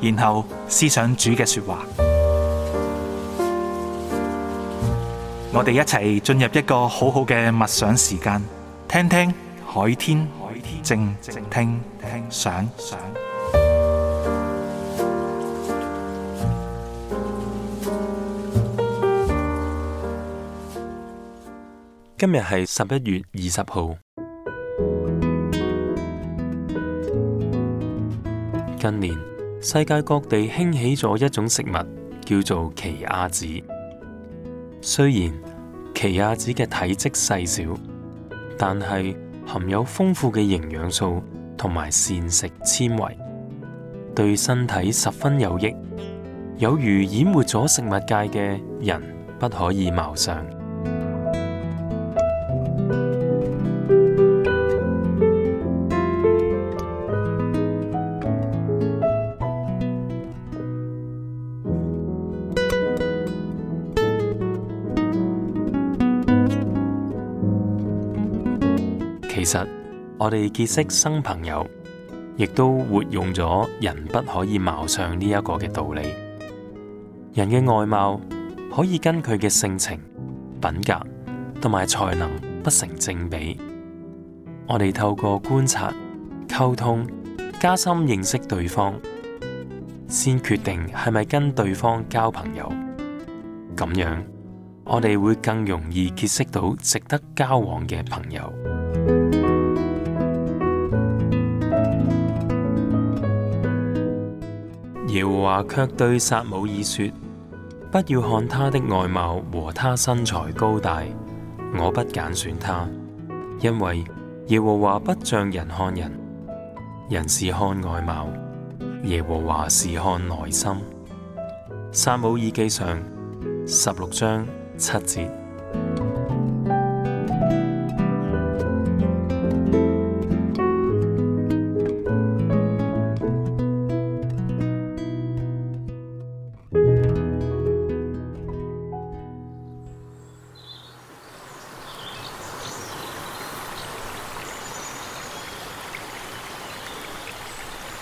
然後思想主嘅說話，我哋一齊進入一個好好嘅默想時間，聽聽海天靜聽想。今日係十一月二十號，今年，世界各地興起咗一種食物，叫做奇亞籽。雖然奇亞籽嘅體積細小，但係含有豐富嘅營養素同埋膳食纖維，對身體十分有益。有如淹沒咗食物界嘅人，不可以貌相。其實我哋結識新朋友，亦都活用咗人不可以貌相呢一個嘅道理。人嘅外貌可以跟佢嘅性情、品格同埋才能不成正比。我哋透過觀察、溝通、加深認識對方，先決定係咪跟對方交朋友。咁樣我哋會更容易結識到值得交往嘅朋友。耶和華卻對撒母耳說：不要看他的外貌和他身材高大，我不揀選他，因為耶和華不像人看人，人是看外貌，耶和華是看內心。撒母耳記上十六章七節。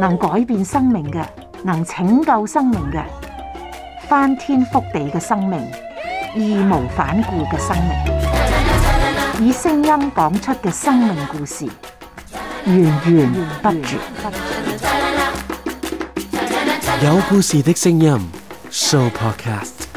能改變生命嘅，能拯救生命嘅，翻天覆地嘅生命，義無反顧嘅生命，以聲音講出嘅生命故事，源源不絕。有故事的聲音，Sooo Podcast。